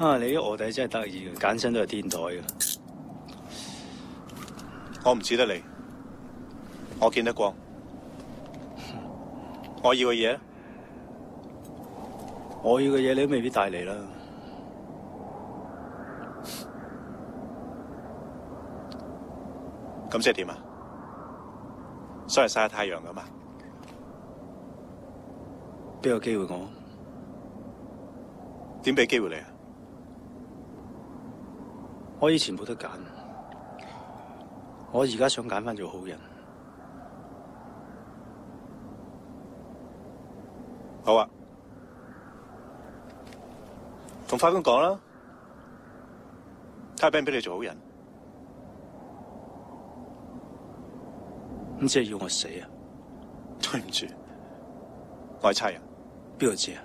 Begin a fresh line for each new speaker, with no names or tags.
啊！你啲卧底真係得意嘅，揀親都係天台嘅。我唔似得你，我見得光。我要嘅嘢，
我要
嘅嘢，你都未必帶嚟啦。咁即係點啊？想嚟曬下太陽噶嘛？
俾個機會我，
點俾機會你啊？我以前冇得揀，我而家想揀翻做好人。好啊，同法官講啦，睇下佢畀唔畀你做好人。咁即係要我死啊？對唔住，我係差人，要姐、啊。